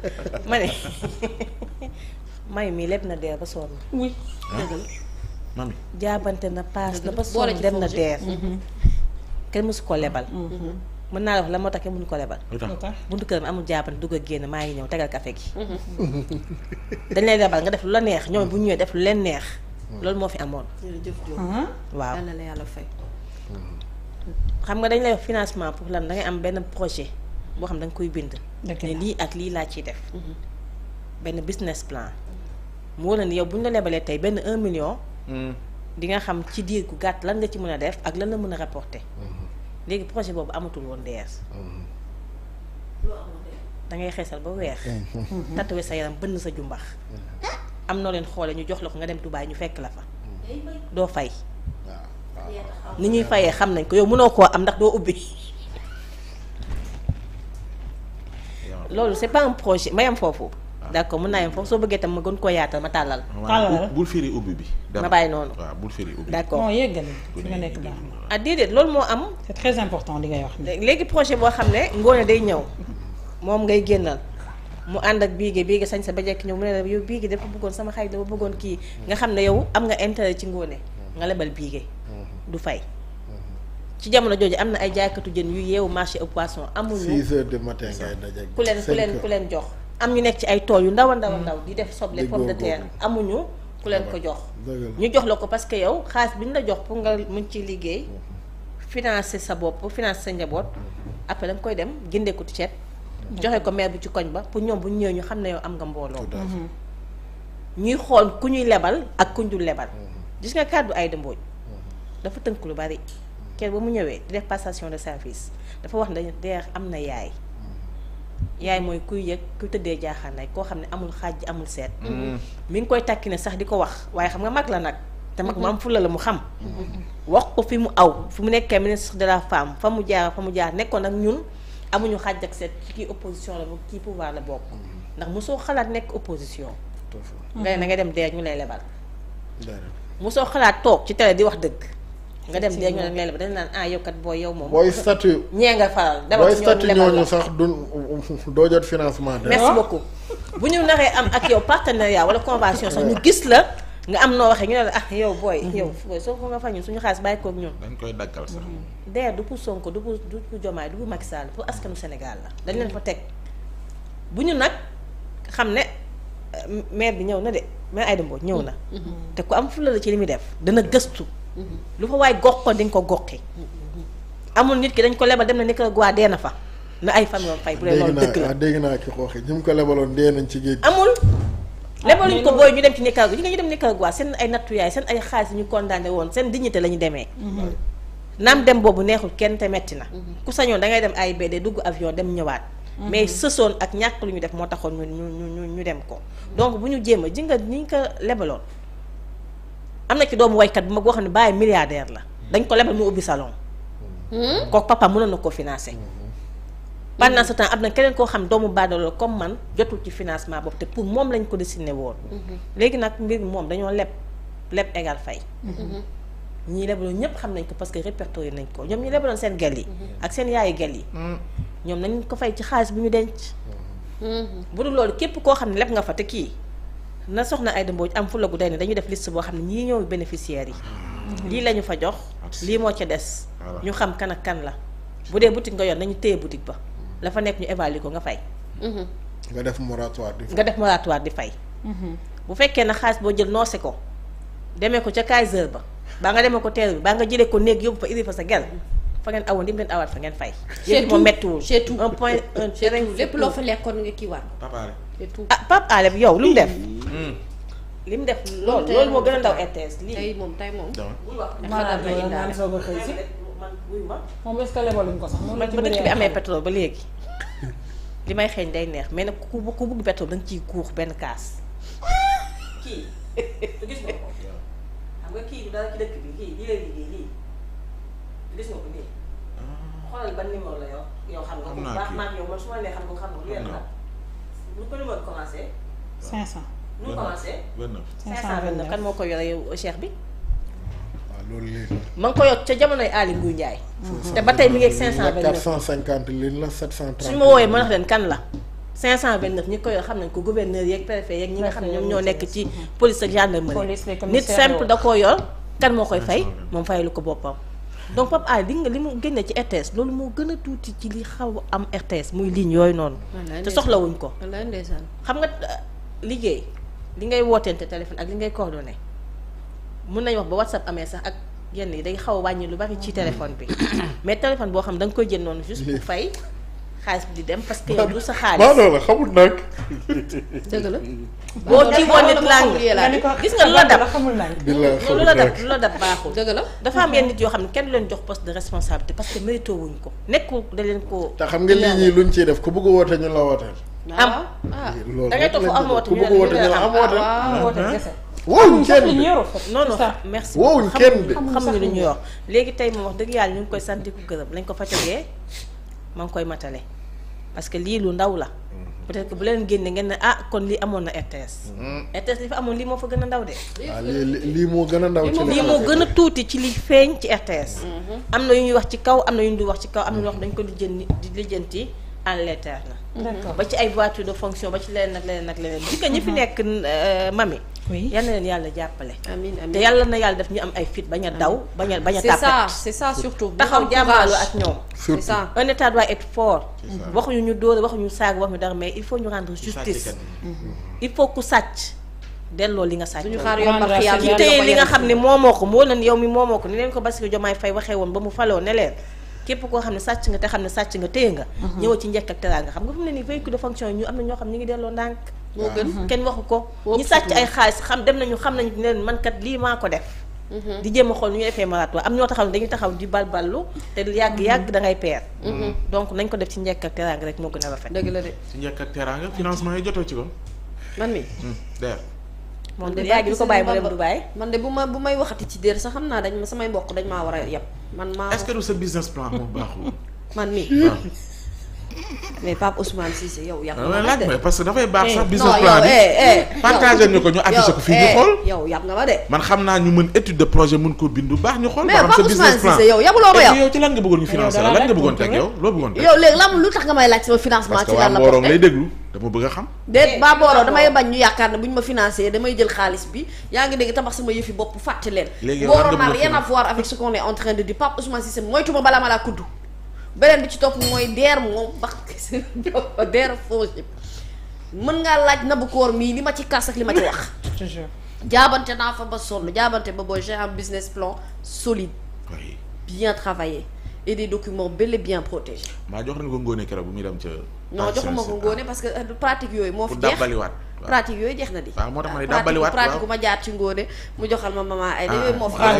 ma ne may mi leb na deer ba sonn. oui ah? dëgg la. mami na paas na ba sonn dem na deer. Mhm. kenn mësu ko lebal. Mhm. Mhm. mën naa la wax la moo tax kenn mënu ko lebal. buntu këram amul jaabante dugg ak génn maa ngi ñëw tegal café gi. dañ lay lebal nga def lu la neex ñoom bu ñu def lu leen neex. Mm. loolu moo fi amoon. jërëjëf waaw yàlla la yàlla mm-hmm. xam nga dañ lay financement pour la da ngay am benn projet. boo xam da nga koy bind. ne lii ak lii laa ciy def. Mhm. benn business plan. mu wóor la ni yow bu ñu la lebalee tey benn un million. Mhm. di nga xam ci diir gu gàtt lan nga ci mën a def ak lan la mën a rapporter. Mhm. léegi projet boobu amatul woon DR. da ngay xeesal ba weex. tatoué sa yaram bënn sa jumbax. am noo leen xoole ñu jox la ko nga dem Dubaay ñu fekk la fa. doo fay. ni ñuy fayee xam nañ ko yow mënoo koo am ndax doo ubbi. loolu c'est pas un projet ma yem foofu. Ah. d'accord mën naa yem foofu soo bëggee tam ma gën koo yaatal ma tàllal. tàllal bul firi ubbi bi. ma bàyyi noonu waaw bul firi ubbi. d'accord bon yeggali nekk na. ah loolu moo am. c'est très important ngay wax. léegi projet boo xam ne ngoone day ñëw moom ngay génnal. mu ànd ak biige biige sañ sa ba jekk ñëw mu ne la yow biige dafa bëggoon sama xarit dafa bëggoon kii nga xam ne yow am nga intérêt ci ngoone nga lebal biige mm-hmm. du fay ci jamono jooju am na ay jaaykatu jën yu yeewu marché au poisson amuñu. 6 heures du matin ngay daje ku leen ku leen jox. am ñu nekk ci ay tool yu ndaw a ndaw a mm. ndaw di def soble pomme de terre amuñu ku leen ko jox. ñu jox la ko parce que yow xaalis bi ñu la jox pour nga mën ci liggéey. Mm. financer sa bopp financer sa njaboot. Mm. après da koy dem jëndee ko ceeb. joxe ko maire bi ci koñ ba pour ñoom bu ñu ñëwee ñu xam ne yow am nga mbooloo. Mm-hmm. ñuy xool ku ñuy lebal ak ku ñu dul lebal. Mm-hmm. gis nga kàddu ay dëmbooj mm-hmm. dafa tënk lu bari. keroog ba mu ñëwee di def passation de service dafa wax ne DER am na yaay. yaay mooy kuy yëg ku tëddee jaaxaan rek koo xam ne amul xaaj amul seet. Mm-hmm. Mm-hmm. mi ngi koy tàkki ne sax di ko wax waaye xam nga mag la nag. te mag mu am fulla la mu xam. Mm-hmm. wax ko fi mu aw fi mu nekkee ministre de la femme fa mu jaar fa mu jaar nekkoon ak ñun amuñu xaaj ak seet ci opposition la bokk kii pouvoir la bokk. ndax mu soo xalaat nekk opposition. ngay na nga dem DER ñu lay lebal. mosoo xalaat di wax dëgg. nga dem dégg nga léeg-léeg dañ naan ah yow kat booy yow moom. booy statut ñee nga faral. demal ci ñoom ñooñu sax du doo jot financement. merci beaucoup bu ñu naree am ak yow partenariat wala convention sax ñu gis la. nga am noo waxee ñu ne la ah yow booy. Mhm. yow booy Sonko nga fa ñun suñu xaalis bàyyi koog ñun. dañ koy daggal sax. Mhm. d'ailleurs du pour Sonko du pour du pour Diomaye du pour Macky Sall pour askanu Sénégal la. dañ leen fa teg bu ñu nag xam ne euh, maire bi ñëw na de maire Aïda ñëw na. Mhm. te ku am fulla la ci li muy def dana gëstu. lu fa waay gox ko di nga ko goxi amul nit ki dañ ko lebal dem na Nicaragua dee na fa na ay famille fay bu dee loolu dëgg la dégg naa ah, ki xooxi ñu mu ko dee nañ ah, ko booy ñu dem ci Nicaragua ñu nga ñu dem Nicaragua seen ay nattuyaay seen ay xaalis ñu condamné woon seen dignité la ñu demee mm-hmm. naam dem boobu neexul kenn te metti na mm-hmm. ku sañoon da ngay dem AIBD dugg avion dem ñëwaat mm-hmm. mais sësoon ak ñàkk lu ñu def moo taxoon ñu ñu ñu ñu dem ko donc bu ñu jéem a ji nga ko lebaloon am na ci doomu waykat bu ma boo xam ne bàyyi milliardaire la dañ ko lebal mu ubbi salon hmm? kooku papa mënoon na ko financé hmm. pendant ce temps am na keneen koo xam ne doomu baadaloo comme man jotul ci financement boobu te pour moom lañ ko dessiné woon hmm. léegi nag mbir moom dañoo leb leb égal fay ñii lebaloon ñëpp xam nañ ko parce que répertorié nañ ko ñoom ñi lebaloon seen gel yi ak seen yaayu gel yi ñoom nañ ko fay ci xaalis bi ñu denc bu dul loolu képp koo xam ne leb nga fa kii na soxna Aïda Mbodj am fula gu day ne dañu def liste boo xam ne ñii ñooy bénéficiaires yi. Mm-hmm. lii la fa jox. lii moo ca des. ñu xam kan a kan la. bu dee boutique nga yoon nañu téye boutique ba. la fa nekk ñu évaluer ko nga fay. Mm-hmm. nga def moratoire di fay nga def moratoire di fay. Mm-hmm. bu fekkee na xaalis boo jël noose ko demee ko ca Kaiser ba baa nga demee ko teer bi baa nga jëlee ko néeg yóbbu fa iri fa sa gel fa ngeen awoon li mu awaat fa ngeen fay. yéen moom méttiwul c'est un point un lépp loo fa lekkoon nga kii waat. Ah, lu mu li mu def loolu loolu moo gën a ndaw RTS lii tey moom tey moom. maanaam a xëy si. ko sax. man ba dëkk bi amee pétrole ba léegi li may xeeñ day neex mais nag ku ku bëgg pétrole da nga ciy benn kaas. kii gis nga ko kii dara ci dëkk bi kii lii ah. xoolal ban numéro la yow yow xam nga ko baax maa yow man su ma nee xam nga xam nga lu yàlla lu ko numéro commencé. ñu commencé. 29 moo ko yore yow cheikh bi. waaw loolu léegi. ma ko yor ca jamonoy Aly Ngouille Ndiaye. Mhm. te ba tey mi ngi ak 529 450 lin la 730. suñu ma wooyee ma wax leen kan la. 529 ñi koy xam nañ ko gouverneur yeeg préfet yeeg ñi nga xam ne ñoom ñoo nekk ci police ak gendarmerie nit simple da koo yor kan moo koy fay moom fayalu ko boppam donc Pape Alé li nga li mu génne ci RTS loolu moo gën a tuuti ci li xaw am RTS muy ligne yooyu noonu te wuñ ko xam nga liggéey li ngay wooteente téléphone ak li ngay coordonné mun nañ wax ba whatsapp amee sax ak yenn yi day xaw a wàññi lu bari ci téléphone bi mais téléphone boo xam da nga koy jël noonu juste pour fay xaalis bi di dem parce que yow sa xaalis maa la la boo ci woon nit làng gis nga lu la dab baaxul. dafa am yenn nit yoo xam ne kenn du leen jox poste de responsabilité parce que mérito wuñ ko nekkul da leen ko. te xam nga lii ñii luñ ciy def ku bëgg woote ñu la wooteel. am ah. da ngay toog am woote ñu ne la am woote am woote kese ah. woowuñ kenn de non non merci woowuñ kenn de xamuñu lu ñuy wax léegi tey moom wax dëgg yàlla ñu ngi koy sant ko gërëm lañ ko fa tegee ma ngi koy matale parce que lii lu ndaw la mm-hmm. peut-être que bu leen génne ngeen ne ah kon lii amoon na RTS. Mm-hmm. RTS li amoon lii moo fa gën a ndaw de. Ah, lii moo gën a ndaw ci lii moo gën a tuuti ci li feeñ ci RTS. Mm-hmm. am na yu ñuy wax ci kaw am na yu ñuy wax ci kaw am na ñuy wax dañ ko lijjanti di lijjanti. en l'éternel d'accord ba ci ay voiture de fonction ba ci leneen nag leneen nag leneen di ko ñi fi mhm. nekk euh, mami yal na leen yàlla jàppale amiin amiin te yàlla na yàlla def ñu am ay fit bañ a daw bañ a bañ a tàppet c'est ça surtout ak ñoom c'est ça un état doit être fort waxuñu ñu dóore waxuñu saag waxuñu dara mais il faut ñu rendre justice mhm. il faut ku sàcc delloo li nga sàcc duñu xaar yoon ba xiyaal ki téye li nga xam ne moomoo ko moo leen yow mi moomoo ko ni leen ko Bassirou Diomaye Faye waxee woon ba mu faloo ne leen képp koo xam ne sàcc nga te xam ne sàcc nga téye nga mhm. ñëw ci njëkk ak teraanga xam nga fi mu ne nii véhicule de fonction yi am na ñoo xam ñu ngi delloo ndànk moo gën mhm. kenn waxu ko ñu sàcc ay xaalis xam dem nañu xam nañu leen man kat lii maa ko def mhm. di jéem a xool nu ñu defee maratoire am ñoo taxaw ne dañuy taxaw di balballu te yàgg-yàgg dangay ngay peer donc nañ ko def ci njëkk ak teraanga rek moo gën a rafet dëgg la de ci njëkk ak teraanga financement yi jotoo ci ko man man de yàgg bi ko bàyyi mu dem Dubaay. man de bu ma bu may waxati ci dér sax xam naa dañ ma samay mbokk dañ maa war a yab man maa. est-ce que du sa business plan moo baaxul. man mii ah. mais Pape Ousmane Cissé yow ah nga ma de xool yow yab nga ma de man xam naa ñu mën étude de projet mën ko bind baax ñu xool mais Pape Ousmane Cissé yow yabuloo ma eh, yow ci lan nga bëggoon ñu eh, financé lan nga bëggoon teg yow loo bëggoon teg yow léegi lan lu tax nga may laaj sama financement ci lan la parce que waa Mborong lay eh? déglu dama bëgg a xam. déet eh, Baboro damay bañ ñu yaakaar ne bu ñu ma financé damay jël xaalis bi yaa ngi dégg tamax sama yëfi bopp fàtte leen. léegi Boro n'a rien à voir avec ce qu'on est en train de dire Pape Ousmane Cissé moytu ma balaa ma laa kudd. beneen bi ci topp mooy deer moom bax deer foofu mën ngaa laaj nabu koor mii li ma ci kas ak li ma ci wax. jaabante naa fa ba sonn jaabante ba booy j'ai un business plan solide. bien travaillé. et des documents bel et bien protégés. maa jox leen ko ngóone keroog bu muy dem ca. non joxuma ko ngóone parce que euh, pratique yooyu moo fi jeex dàbbaliwaat pratique yooyu jeex na di. waaw moo tax ma ne dàbbaliwaat pratique ma jaar ci ngóone mu joxal ma maman ay ah, yooyu moo fi